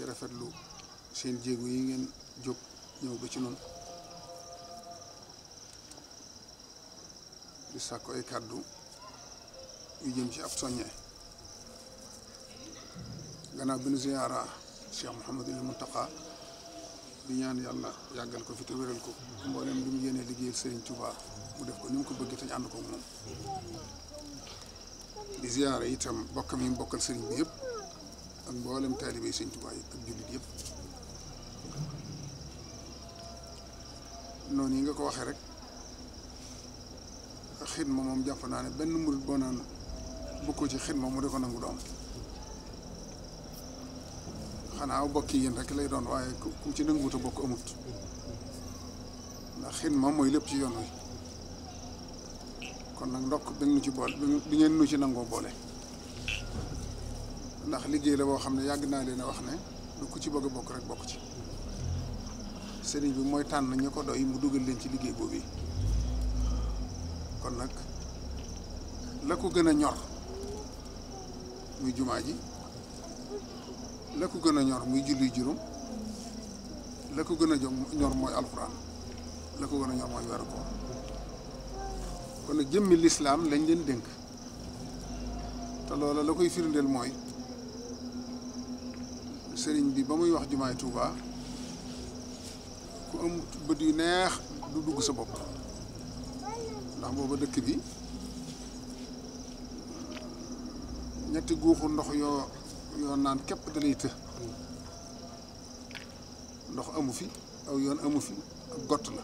di rafetlu seen jéego yi ngeen jóg ñëw ba ci noonu di sàkk ay kàddu yu jëm ci ab soññee gannaaw bi nu ziyaara Cheikh Mouhamadul Mountakha di ñaan yàlla yàggal ko fi te ko mboolem lu mu yéene liggéeyal Serigne Touba mu def ko ni mu ko bëggee te ñu ànd ko moom di ziyaara itam bokkam yi mu bokkal Serigne bi yëpp. ak mboolem taalibe yi sëñ Tuubaa yi ak jullit yëpp noonu yi nga ko waxee rek xidma moom jàpp naa ne benn murit boo naan bu ko ci xidma mu di ko nangu doom xanaa bokk yéen rek lay doon waaye ku ci nanguwut a bokk amut ndax xidma mooy lépp ci yoon wi kon nag ndokk bi ngeen nu ci boole bi ngeen nu ci nangoo boole ndax liggéey la boo xam ne yàgg naa leen a wax ne lu ku ci bëgg bokk rek bokk ci sëriñ bi mooy tànn ñu ko doy mu dugal leen ci liggéey boobu yi kon nag la ko gën a ñor muy jumaa ji la gën a ñor muy julli juróom la ko gën a ñor mooy alxuraan la ko gën a ñor mooy weeru kon jëmmi lislaam lañ leen dénk te loola la koy firndeel mooy sëriñ bi ba muy wax jumaay Touba ku am bët yu neex du dugg sa bopp ndax booba dëkk bi ñetti guuxu ndox yoo yoo naan képp dalay të ndox amu fi aw yoon amu fi ak gott la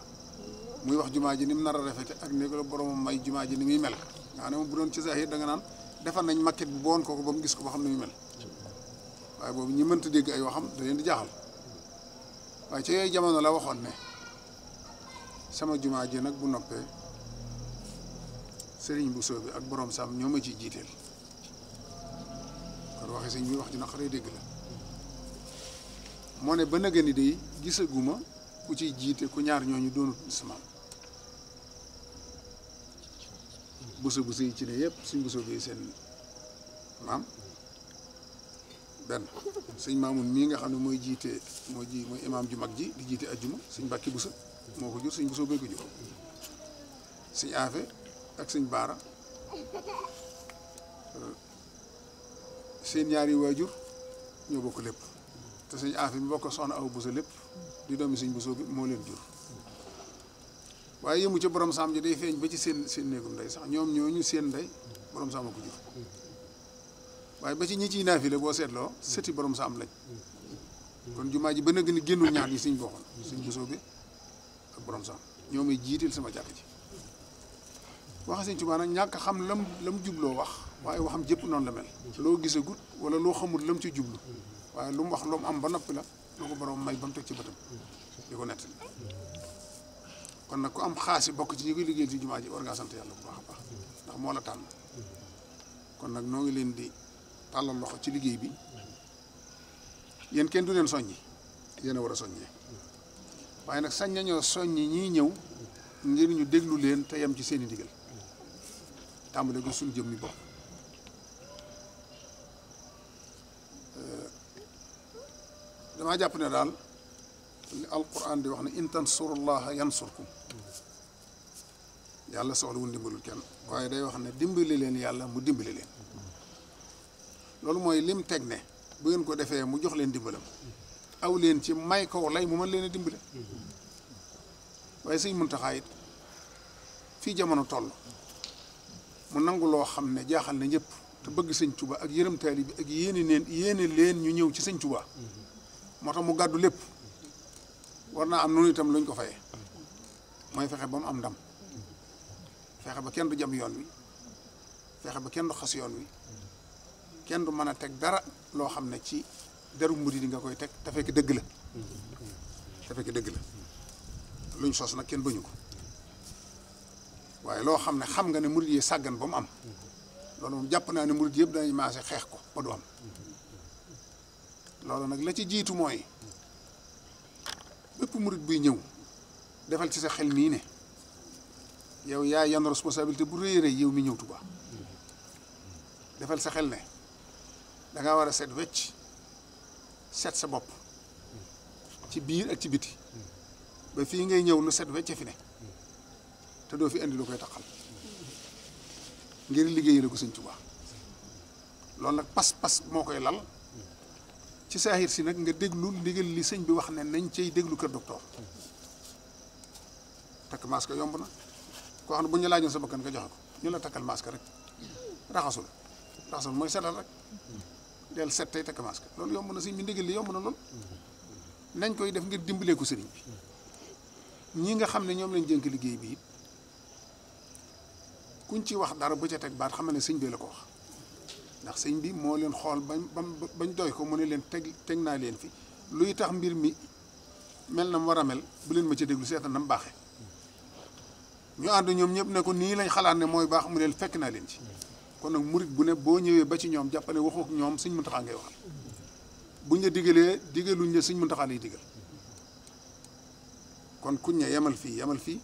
muy wax jumaa ji ni mu nar a rafete ak néeg la boromam may jumaa ji ni muy mel nga xam ne bu doon ci zahir da nga naan defar nañ maquette bu bon kooku ba mu gis ko ba xam ne muy mel waaye boobu ñi mënta dégg ay waxam da leen di jaaxal waaye ci yooyu jamono la waxoon ne sama jumaa ji nag bu noppee sëriñ bu soobi ak borom saam ñoo ma ciy jiiteel kon waxe sëñ bi wax ji naqaree dégg la moo ne ba nëgëni day gisaguma ku ci jiite ku ñaar ñooñu doonut ismaam buso buso yi ci ne yëpp suñ buso bi seen maam benn sëñ Maamun mii nga xam ne mooy jiite mooy ji mooy imaam ju mag ji di jiite ajjuma sëñ Mbàkke Buso moo ko jur sëñ Buso bee ko jur sëñ Aafe ak sëñ Baara seen ñaari waajur ñoo bokk lépp te sëñ Aafe mi bokk soxna aw Buso lépp di doomi sëñ Buso bi moo leen jur waaye yëmu ca borom saam ji day feeñ ba ci seen seen néegum ndey sax ñoom ñoo ñu seen ndey borom saama ko jur waaye ba ci ñi ciy naafile boo seetloo sëti borom sa am lañ kon jumaa ji ba na gën a génnul ñaar ñi suñ bokkoon suñ bosoo bi ak borom sa am ñoo may jiital sama jàkk ji waxe sëñ ñàkk xam lam lam jubloo wax waaye waxam jëpp noonu la mel loo gisagut wala loo xamul lam ci jublu waaye lu mu wax lu mu am ba noppi la lu ko borom may ba mu teg ci bëtam di ko nettali kon nag ku am xaasi bokk ci ñu koy liggéeyal ci jumaa ji war ngaa yàlla bu baax a baax ndax moo la tànn kon nag noo ngi leen di tàllal loxo ci liggéey bi yéen kenn du leen soññi yéen war a soññee waaye nag sañ nañoo soññi ñiy ñëw ngir ñu déglu leen te yam ci seeni i ndigal tàmbale ko suñu jëm mi damaa jàpp ne daal li alquran di wax ne in tansurullaha yansurkum yàlla soxla wun dimbalul kenn waaye day wax ne dimbali leen yàlla mu dimbali leen loolu mooy lim teg ne bu ngeen ko defee mu jox leen dimbalam aw leen ci may kaw lay mu mën leen a dimbale waaye sëñ Muntaxa it fii jamono toll mu nangu loo xam ne jaaxal na ñépp te bëgg sëñ tuba ak yërëm taalibe bi ak yéene yéene leen ñu ñëw ci sëñ Tuubaa moo tax mu gàddu lépp war naa am noonu itam lu ñu ko fayee mooy fexe ba mu am ndam fexe ba kenn du jam yoon wi fexe ba kenn du xas yoon wi kenn du mën a teg dara loo xam ne ci daru murid yi nga koy teg te fekk dëgg la te fekk dëgg la luñ sos nag kenn bañu ko waaye loo xam ne xam nga ne murid yi sàggan ba mu am loolu moom jàpp naa ne murid yëpp dañ maase xeex ko ba du am loolu nag la ci jiitu mooy bépp murid buy ñëw defal ci sa xel mii ne yow yaa yan responsabilité bu rëy rëy yow mi ñëw Tuubaa defal sa xel ne da nga war a set wecc set sa bopp ci biir ak ci biti ba fii ngay ñëw lu set wecc fi ne te doo fi indi lu koy taxal ngir liggéey la ko Sëñ Tuubaa loolu nag pas-pas moo koy lal ci saahir si nag nga déglu ndigal li sëñ bi wax ne nañ cay déglu kër docteur takk masque yomb na koo xam ne bu ñu laajoon sa bakkan nga joxe ko ñu la takkal masque rek raxasul raxasul mooy setal rek del set tey takk masque loolu yomb na sëñ bi ndigal li yomb na lool nañ koy def ngir dimbalee ko sëriñ bi ñi nga xam ne ñoom lañ jënk liggéey bii kuñ ci wax dara bu ca teg baat xam ne sëñ bi la ko wax ndax sëñ bi moo leen xool bañ bañ doy ko mu ne leen teg teg naa leen fi luy tax mbir mi mel na mu war a mel bu leen ma ca déglu seetal na mu baaxee ñu ànd ñoom ñëpp ne ko nii lañ xalaat ne mooy baax mu leen fekk naa leen ci. kon nag murit bu ne boo ñëwee ba ci ñoom jàpp ne waxoo ak ñoom sëñ Muntaxa ngay waxal buñ la digalee digaluñ la sëñ Muntaxa lay digal kon kuñ ne yemal fii yemal fii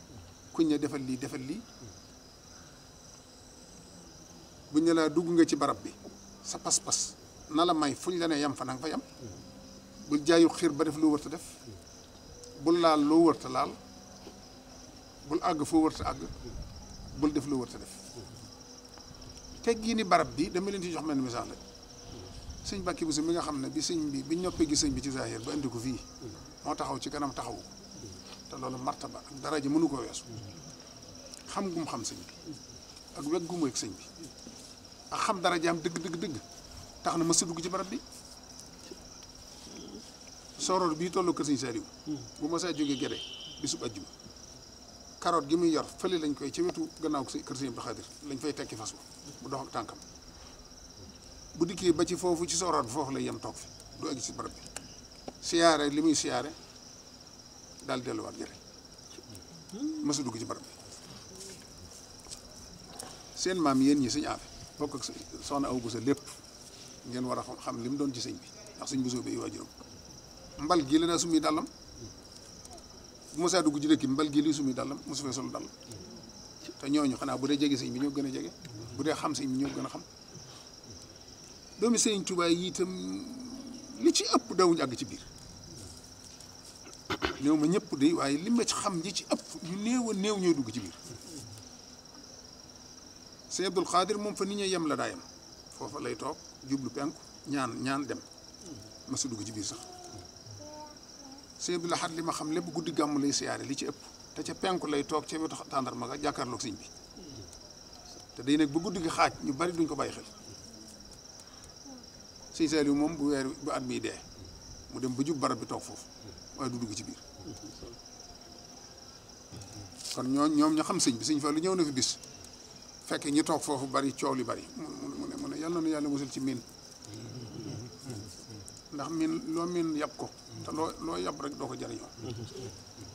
kuñ ne defal lii defal lii bu ne laa dugg nga ci barab bi sa pas-pas na la may fuñ la ne yem fa nanga fa yem bul jaayu xiir ba def loo wërta def bul laal loo wërta laal bul àgg foo wërta àgg bul def loo wërta def yi teggini barab bi dama leen ci jox mel misaal rek sëñ Bakki Bousso mi nga xam ne bi sëñ bi bi ñoppee gi sëñ bi ci zahir ba indi ko fii moo taxaw ci kanam taxawu te loolu martaba ak daraja mënu ko weesu xam gum xam sëñ bi ak weg gum wég sëñ bi ak xam darajaam dëgg dëgg dëgg tax na ma sa dugg ci barab bi soror bii tollu kër sëñ Saliou bu ma saa jógee Gédé bisub ajjuma karoot gi muy yor fële lañ koy ci wetu si kër Sëñ Abdu Xaadir lañ fay tekki fas bu dox tànkam bu dikkee ba ci foofu ci sooraat bi foofu lay yem toog fi du egg ci barab bi li muy siyaare daal delluwaat jëre mësu dugg ci seen maam yéen ñi sëñ aafe bokk ak soxna aw busa lépp ngeen war a xam li mu doon ci sëñ bi ndax sëñ busoo bi ay waajuram mbal gii la daa summi dàllam bu mosaa dugg ci dëkk mbal gi lii sumuy dàllam mosu fee sol dàll te ñooñu xanaa bu dee jege sëñ bi ñoo gën a jege bu dee xam sëñ bi ñoo gën a xam doomi sëñ Tuubaa yi itam li ci ëpp dawuñu àgg ci biir néew ma ñëpp di waaye li ma ci xam ñi ci ëpp ñu néew néew ñooy dugg ci biir sëñ Abdul Xaadir moom fa nit ñuy yem la daayam foofa lay toog jublu penku ñaan ñaan dem ma su dugg ci biir sax sëñ bi la xat li ma xam lépp guddi gàmm lay siyaare li ci ëpp te ca penku lay toog ca wetu tàndarma ga jàkkaarloog sëñ bi te day nekk ba guddi gi xaaj ñu bari duñ ko bàyyi xel sëñ Saliou moom bu weer bu at miy dee mu dem ba jub barab bi toog foofu waaye du dugg ci biir kon ñoo ñoom ñu xam sëñ bi sëñ fa lu ñëw na fi bis fekk toog foofu bari coow li bari mu ne mu ne yàlla na yàlla ci miin ndax miin loo miin yàpp ko te loo loo yàbb rek doo ko jëriñoo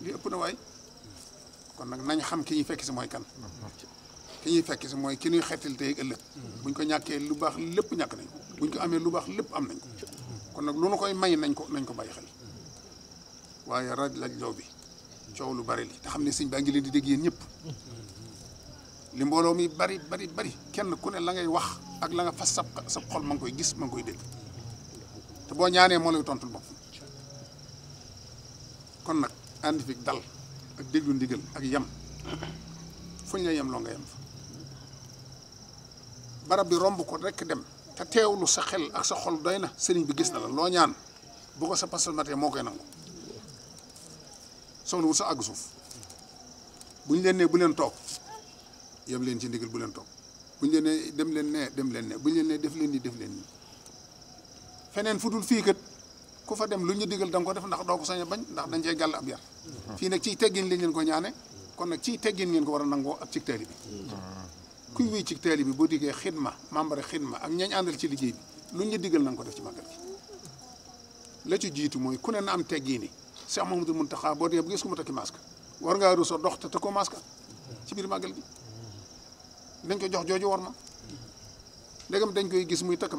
li ëpp na waay kon nag nañ xam ki ñuy fekk si mooy kan ki ñuy fekk si mooy ki nuy xettil tey ëllëg buñ ko ñàkkee lu baax lépp ñàkk nañ ko buñ ko amee lu baax lépp am nañ ko kon nag lu nu koy may nañ ko nañ ko bàyyi xel waaye raj laj loo bi coow lu bari li te xam ne sëñ baa ngi leen di dégg yéen ñëpp li mbooloo mi bari bari bari kenn ku ne la ngay wax ak la nga fas sab sab xol ma ngi koy gis ma ngi koy dégg te boo ñaanee moo lay tontul bopp kon nag ànd fi dal ak déglu ndigal ak yem fu ñu la yem loo nga yem barab bi romb ko rekk dem te teewlu sa xel ak sa xol doy na sëriñ bi gis na la loo ñaan bu ko sa pasal matee moo koy nangu soxla wut sa àgg suuf bu ñu leen nee bu leen toog yem leen ci ndigal bu leen toog bu ñu leen nee dem leen nee dem leen nee bu ñu leen nee def leen di def leen nii feneen fu dul fii kat ku fa dem lu ñu digal da nga ko def ndax doo ko sañ a bañ ndax dañ cee gàll ab yar fii nag ciy teggin lañ leen ko ñaane kon nag ciy teggin ngeen ko war a nangoo ak ci taali bi kuy wuy ci taali bi boo diggee xidma membre xidma ak ñañ àndal ci liggéey bi lu ñu digal na ko def ci màggal gi la ci jiitu mooy ku ne na am teggin yi Cheikh Mahamadou Mountakha boo dee gis ko ma takki masque war ngaa ruso dox te takkoo ci biir màggal gi ko jox jooju war ma ndegam dañ koy gis muy takk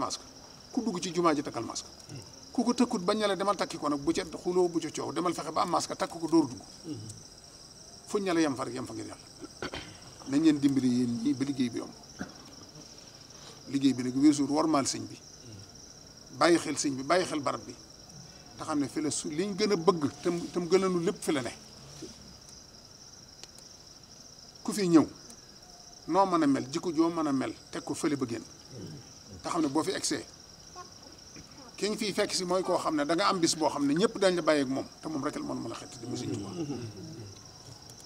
ku dugg ci jumaa ji takkal masque ku ko tëkkut bañ ne demal takki ko nag bu ca xuloo bu ca coow demal fexe ba am masque takk ko dóor dugg fuñ ne la fa rek yem fa ngir yàlla nañ leen dimbali yéen ñii ba liggéey bi yomb liggéey bi nag weesuur warmaal sëñ bi bàyyi xel sëñ bi bàyyi xel barab bi te xam ne fi la su liñ gën a bëgg tam tam gënanu lépp fi la ne ku fi ñëw noo mën a mel jikko joo mën a mel teg ko fële ba génn te xam ne boo fi egsee ki nga fiy fekk si mooy koo xam ne da am bis boo xam ne ñëpp dañ la bàyyeeg moom te moom rek la mën mën a xet di mu Sëñ Tuubaa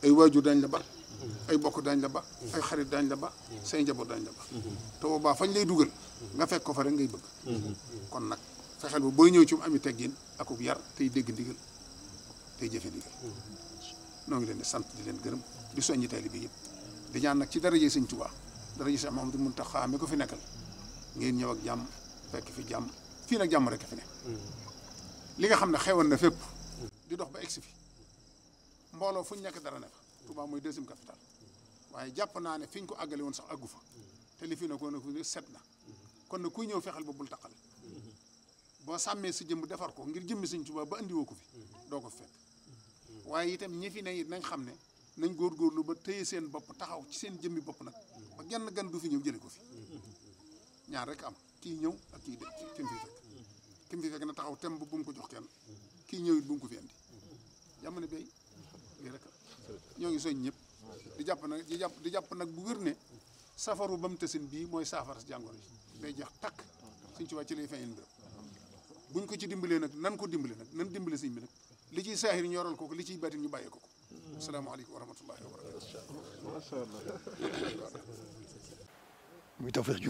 ay waajur dañ la ba ay bokk dañ la ba ay xarit dañ la ba say njaboot dañ la ba te boobaa fañ lay dugal nga fekk ko fa rek ngay bëgg kon nag fexeel ba booy ñëw ci mu ami teggin akub yar tey dégg ndigal tey jëfe ndigal noo ngi leen di sant di leen gërëm di soññi taalibe yëpp di ñaan nag ci daraje Sëñ Tuubaa daraje Cheikh Mahamadou Mountakha mi ko fi nekkal ngeen ñëw ak jàmm fekk fi jàmm fii nag jàmm rek fi ne li nga xam ne xewoon na fépp di dox ba egsi fi mbooloo fu ñu nekk dara ne fa Touba mooy deuxième capitale waaye jàpp naa ne fi ñu ko àggale woon sax àggu fa te li fi ne ko nag set na kon na kuy ñëw fexeel ba bul taxal boo sàmmee si jëmm defar ko ngir jëmmi Sëñ Tuubaa ba indiwoo ko fi doo ko fekk waaye itam ñi fi ne nañ xam ne nañ góor góorgóorlu ba téye seen bopp taxaw ci seen jëmmi bopp nag ba genn gan du fi ñëw jële ko fi ñaar rek am kii ñëw ak kii de kim fi fekk kim fi fekk na taxaw tem bu mu ko jox kenn kii ñëw it bu mu ko fi andi jamono bay lii rek ñoo ngi soñ ñëpp di jàpp nag di jàpp di jàpp nag bu wér ne safaru ba mu bii mooy saafara si jàngoro ji day jeex takk suñ ci wàcc lay fayal mbir buñ ko ci dimbalee nag nan ko dimbale nag nan dimbale sëñ bi nag li ciy saaxir ñu yoral ko ko li ciy baatin ñu bàyyee ko ko asalaamaaleykum wa rahmatullahi wa muy tawfeex ju